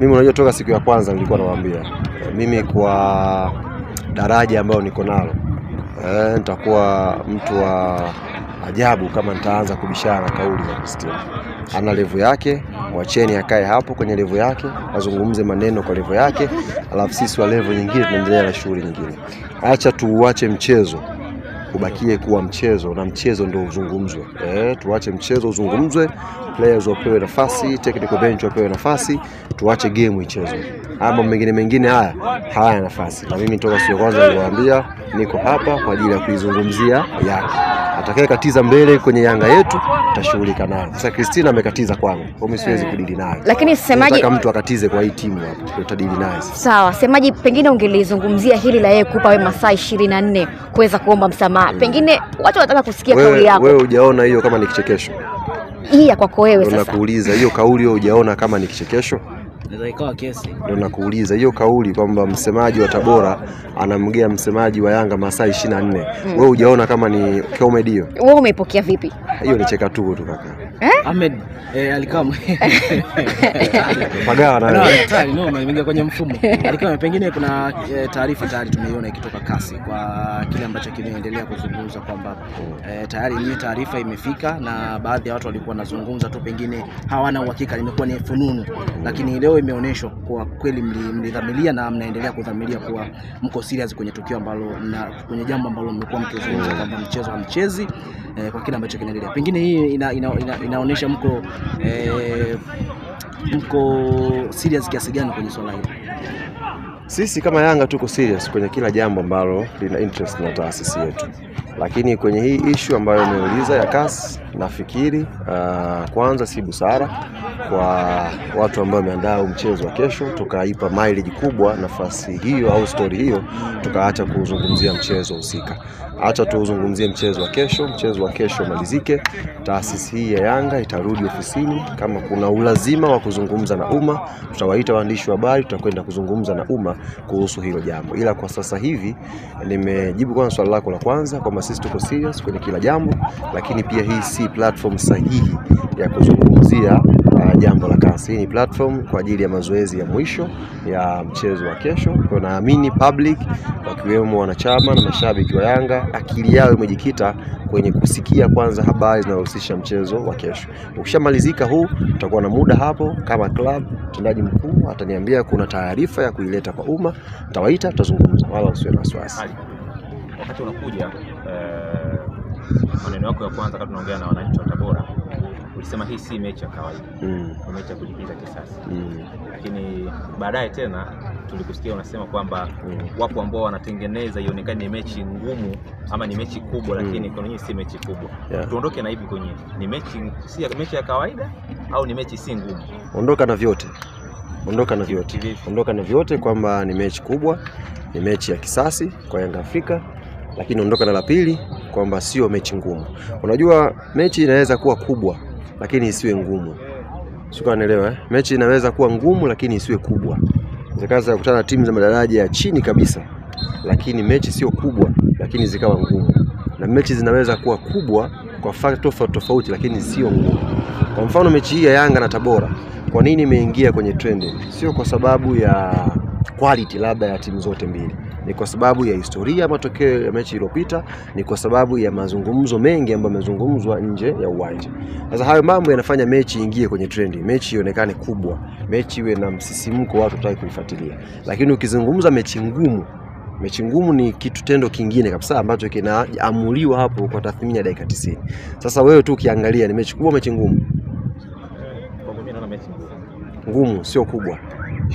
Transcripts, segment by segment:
Mimi unajua, toka siku ya kwanza nilikuwa nawaambia mimi kwa daraja ambayo niko nalo eh, nitakuwa mtu wa ajabu kama nitaanza kubishana kauli za Christina. Ana levu yake, mwacheni akae hapo kwenye levu yake, azungumze maneno kwa levu yake, alafu sisi wa levu nyingine tunaendelea na shughuli nyingine. Acha tuuache mchezo ubakie kuwa mchezo na mchezo ndio uzungumzwe. Eh, tuache mchezo uzungumzwe, players wapewe nafasi, technical bench wapewe nafasi, tuache game ichezwe. Ama mengine mengine haya haya nafasi, na mimi toka siku kwanza niliwaambia niko hapa kwa ajili ya kuizungumzia yake atakayekatiza mbele kwenye Yanga yetu tutashughulika naye. Sasa Kristina amekatiza kwangu, kwa hiyo siwezi eh. kudili naye, lakini semaji nataka mtu akatize kwa hii timu hapa, ndio tadili naye. Sawa, semaji, pengine ungelizungumzia hili la yeye kupa wewe masaa 24 kuweza kuomba msamaha, mm. pengine watu wanataka kusikia kauli yako wewe. Hujaona hiyo kama ni kichekesho hii ya kwako wewe? Sasa nakuuliza hiyo kauli, hujaona kama ni kichekesho? Ndio nakuuliza hiyo kauli kwamba msemaji wa Tabora anamgea msemaji wa Yanga masaa 24. Mm. Wewe hujaona kama ni comedy hiyo? Wewe umeipokea vipi? Hiyo ni cheka tu tu kaka. Eh? Ahmed eh, pagawa na no, no, kwenye mfumo alikama. Pengine kuna eh, taarifa tayari tumeiona ikitoka kasi kwa kile ambacho kimeendelea kuzungumza kwamba eh, tayari ni taarifa imefika na baadhi ya watu walikuwa wanazungumza tu, pengine hawana uhakika, limekuwa ni fununu, lakini leo imeonyeshwa kwa kweli mlidhamiria na mnaendelea kudhamiria kuwa mko serious kwenye tukio ambalo na kwenye jambo ambalo mmekuwa mkizungumza kwamba mchezo hamchezi eh, kwa kile ambacho kinaendelea, pengine hii ina, ina, ina, ina inaonyesha mko eh, mko serious kiasi gani kwenye swala hili? Sisi kama Yanga tuko serious kwenye kila jambo ambalo lina interest na taasisi yetu, lakini kwenye hii issue ambayo umeuliza ya CAS nafikiri uh, kwanza si busara kwa watu ambao wameandaa mchezo wa kesho, tukaipa mileage kubwa nafasi hiyo au stori hiyo, tukaacha kuzungumzia mchezo husika. Acha tuzungumzie mchezo wa kesho. Mchezo wa kesho malizike, taasisi hii ya Yanga itarudi ofisini. Kama kuna ulazima wa kuzungumza na umma, tutawaita waandishi wa habari, tutakwenda kuzungumza na umma kuhusu hilo jambo, ila kwa sasa hivi nimejibu kwanza swali lako la kwanza kwamba sisi tuko serious kwenye kila jambo, lakini pia hii si platform sahihi ya kuzungumzia uh, jambo la kasi. Hii ni platform kwa ajili ya mazoezi ya mwisho ya mchezo wa kesho. Kwa naamini public wakiwemo wanachama na mashabiki wa Yanga akili yao imejikita kwenye kusikia kwanza habari zinazohusisha mchezo wa kesho. Ukishamalizika huu, tutakuwa na muda hapo kama club, mtendaji mkuu ataniambia kuna taarifa ya kuileta kwa umma, nitawaita, tutazungumza, wala usiwe na wasiwasi. Wakati unakuja, eh, maneno yako ya kwanza wakati tunaongea na wananchi wa Tabora ulisema hii si mechi ya kawaida mm. mechi ya kulipiza kisasi mm. lakini baadaye tena tulikusikia unasema kwamba mm. wapo ambao wanatengeneza ionekane ni mechi ngumu ama ni mechi kubwa mm. lakini kwa nyinyi si mechi kubwa yeah. tuondoke na hivi kwenye ni mechi si mechi ya kawaida au ni mechi si ngumu ondoka na vyote ondoka na vyote ondoka na vyote kwamba ni mechi kubwa ni mechi ya kisasi kwa Yanga Afrika lakini ondoka na la pili kwamba sio mechi ngumu unajua mechi inaweza kuwa kubwa lakini isiwe ngumu. Sikanielewa eh? Mechi inaweza kuwa ngumu lakini isiwe kubwa. Zikaza zikakutana kukutana timu za madaraja ya chini kabisa, lakini mechi sio kubwa, lakini zikawa ngumu, na mechi zinaweza kuwa kubwa kwa fakta tofauti tofauti, lakini sio ngumu. Kwa mfano mechi hii ya Yanga na Tabora, kwa nini imeingia kwenye trending? Sio kwa sababu ya quality labda ya timu zote mbili ni kwa sababu ya historia, matokeo ya mechi iliyopita, ni kwa sababu ya mazungumzo mengi ambayo yamezungumzwa nje ya uwanja. Sasa hayo mambo yanafanya mechi ingie kwenye trendi, mechi ionekane kubwa, mechi iwe na msisimko, watu wataki kuifuatilia. Lakini ukizungumza mechi ngumu mechi ngumu ni kitu tendo kingine kabisa ambacho kinaamuliwa hapo kwa tathmini ya dakika 90. Sasa wewe tu ukiangalia ni mechi kubwa, mechi ngumu? Ngumu, sio kubwa.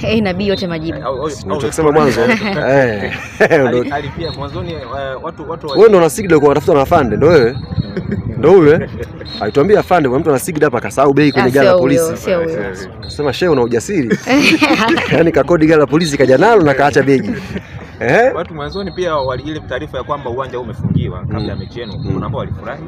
A eh, na B yote majibu. Unachosema mwanzo. Eh. Alipia mwanzoni eh, watu watu wewe ndio unasigida kwa kutafuta na fande ndio wewe. Ndio ah, huyo eh. Alituambia eh, afande kwa mtu anasigida hapa kasahau bei kwenye gari la polisi. Sema shehe una ujasiri. Yaani kakodi gari la polisi kaja nalo na kaacha begi. Eh? Watu mwanzoni pia wali ile taarifa ya kwamba uwanja umefungiwa kabla ya mm. mechi yenu. Mm. Kuna ambao walifurahi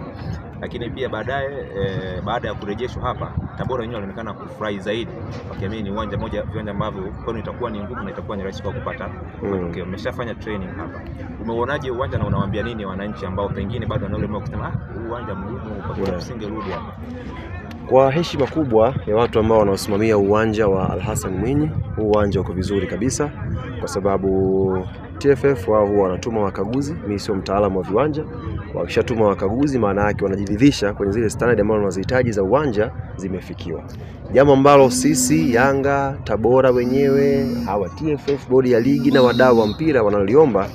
lakini pia baadaye e, baada ya kurejeshwa hapa Tabora wenyewe walionekana kufurahi zaidi, wakiamini ni uwanja moja viwanja ambavyo kwani itakuwa ni ngumu na itakuwa ni rahisi kwa kupata mm. matokeo. Mm. Umeshafanya training hapa, umeuonaje uwanja na unawaambia nini wananchi ambao pengine bado wana mwa kusema ah, huu uwanja mgumu, kwa yeah. tusingerudi hapa? Kwa heshima kubwa ya watu ambao wanaosimamia uwanja wa Al Hassan Mwinyi, huu uwanja uko vizuri kabisa kwa sababu TFF wao huwa wanatuma wakaguzi, mimi sio mtaalamu wa viwanja. Wakishatuma wakaguzi, maana yake wanajiridhisha kwenye zile standard ambazo wanazihitaji za uwanja zimefikiwa, jambo ambalo sisi Yanga, Tabora wenyewe, hawa TFF, bodi ya ligi na wadau wa mpira wanaliomba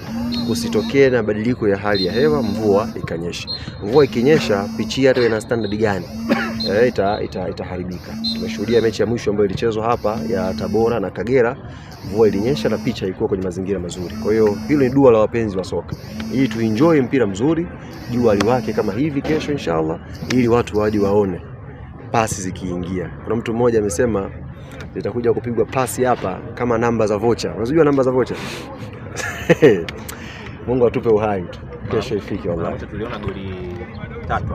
kusitokee na badiliko ya hali ya hewa, mvua ikanyesha. Mvua ikinyesha, pichi hata ina standard gani E, itaharibika. Ita tumeshuhudia mechi ya mwisho ambayo ilichezwa hapa ya Tabora na Kagera, mvua ilinyesha na picha ilikuwa kwenye mazingira mazuri. kwa hiyo hilo ni dua la wapenzi wa soka, ili tuenjoy mpira mzuri, jua liwake kama hivi kesho inshallah, ili watu waje waone pasi zikiingia. Kuna mtu mmoja amesema zitakuja kupigwa pasi hapa kama namba za vocha. Unazijua namba za vocha? Mungu atupe uhai tu, kesho ifike wallahi. Tuliona goli tatu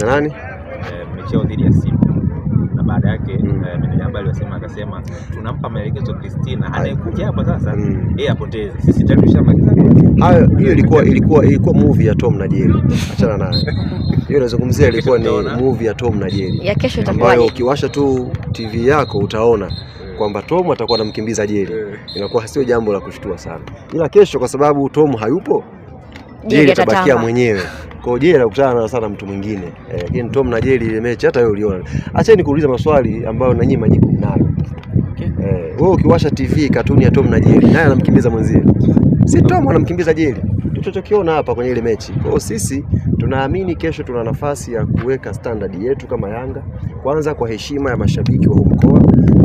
na nani? E, eh, mechi dhidi ya Simba baada yake mm. uh, meneja habari wasema akasema tunampa maelekezo Kristina anayekuja hapa sasa mm. yeye apoteze sisi tayari tushamaliza hayo. Hiyo ilikuwa ilikuwa ilikuwa movie ya Tom na Jerry, achana nayo hiyo. Nazungumzia ilikuwa ni movie ya Tom na Jerry ya kesho, ambayo ukiwasha tu TV yako utaona kwamba Tom atakuwa anamkimbiza Jerry. Eh. Inakuwa sio jambo la kushtua sana, ila kesho, kwa sababu Tom hayupo, Jerry atabakia mwenyewe. Kwa hiyo Jerry sana mtu mwingine. Eh, lakini eh, Tom na Jerry ile mechi hata wewe uliona. Acha kuuliza maswali ambayo na nyinyi majibu mnayo. Okay. Eh, wewe ukiwasha TV katuni ya Tom na Jerry, naye anamkimbiza mwenzie. Si Tom anamkimbiza Jerry. Tulichokiona hapa kwenye ile mechi. Kwa sisi tunaamini kesho tuna nafasi ya kuweka standard yetu kama Yanga, kwanza kwa heshima ya mashabiki wa mkoa.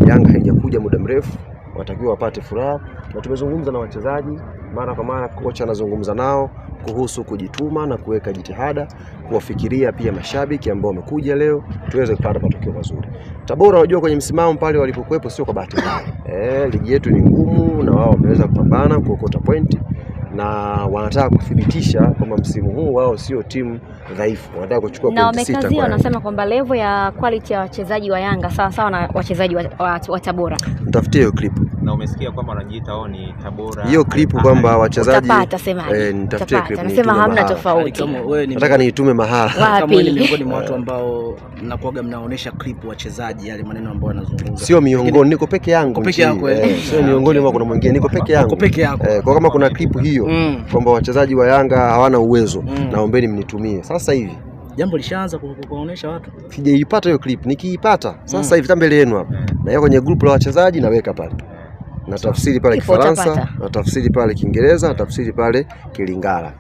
Yanga haijakuja muda mrefu watakiwa wapate furaha, na tumezungumza na wachezaji mara kwa mara, kocha anazungumza nao kuhusu kujituma na kuweka jitihada, kuwafikiria pia mashabiki ambao wamekuja leo, tuweze kupata matokeo mazuri. Tabora wajua, kwenye msimamo pale walipokuwepo sio kwa bahati mbaya. Eh, ligi yetu ni ngumu, na wao wameweza kupambana kuokota pointi na wanataka kuthibitisha kwamba msimu huu wao sio timu dhaifu, wanataka kuchukua na wamekazia, wanasema kwamba levo ya quality ya wachezaji wa Yanga sawa sawa na wachezaji wa, wa, wa Tabora. Mtafutie hiyo clip na umesikia kwamba wanajiita wao oh, ni Tabora. Hiyo clip kwamba wachezaji eh, nitafutie clip. Anasema hamna tofauti. Yaani Nataka niitume mahala. Kama ni miongoni mwa watu ambao mnakuaga mnaonesha clip wachezaji yale maneno ambayo wanazungumza. Sio miongoni, niko peke yangu. Peke yako. Eh, sio miongoni mwa kuna mwingine, niko peke yangu. Peke yako. Eh, kwa kama kuna clip hiyo mm. kwamba wachezaji wa Yanga hawana uwezo, mm. naombeni mnitumie sasa hivi. Jambo lishaanza kuonesha watu. Sijaipata hiyo clip, nikiipata sasa mm. hivi tambele yenu hapa. Na Naweka kwenye group la wachezaji naweka pale na tafsiri pale Kifaransa, na tafsiri pale Kiingereza, na tafsiri pale Kilingala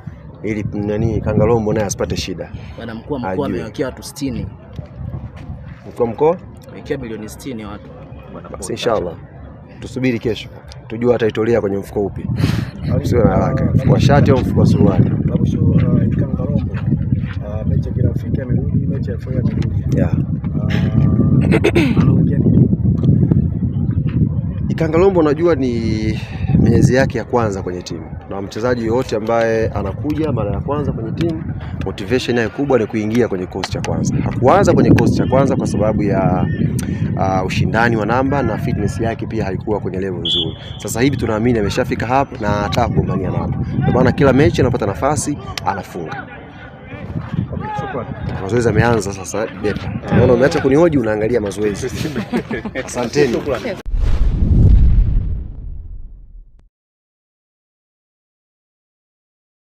ili nani Kangalombo naye asipate shida. Bwana mkuu, wa mkoa amewekea watu 60. Mkuu mkoa amewekea milioni 60 ya watu. Basi inshallah tusubiri kesho tujua ataitolea kwenye mfuko upi. Sio na haraka, mfuko wa shati au mfuko wa suruali. Uh, uh, mechi ya kirafiki amerudi, mechi ya foya amerudi. Yeah. Uh, Kangalombo unajua ni miezi yake ya kwanza kwenye timu, na mchezaji yoyote ambaye anakuja mara ya kwanza kwenye timu, motivation yake kubwa ni kuingia kwenye kikosi cha kwanza. Hakuanza kwenye kikosi cha kwanza kwa sababu ya uh, ushindani wa namba na fitness yake pia haikuwa kwenye level nzuri. Sasa hivi tunaamini ameshafika hapa na anataka kugombania namba, kwa maana kila mechi anapata nafasi anafunga. Mazoezi ameanza sasa, beta. Unaona umeacha kunihoji, unaangalia mazoezi. Asanteni.